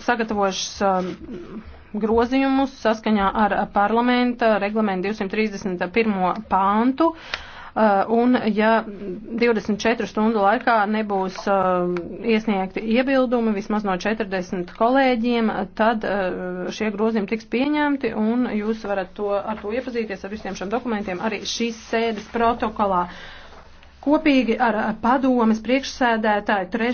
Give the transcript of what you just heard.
sagatavojušas um, grozījumus saskaņā ar parlamenta reglamentu 231. pāntu. Uh, un ja 24 stundu laikā nebūs um, iesniegti iebildumi vismaz no 40 kolēģiem, tad uh, šie grozījumi tiks pieņemti un jūs varat to, ar to iepazīties ar visiem šiem dokumentiem arī šīs sēdes protokolā. Kopīgi ar padomas priekšsēdētāju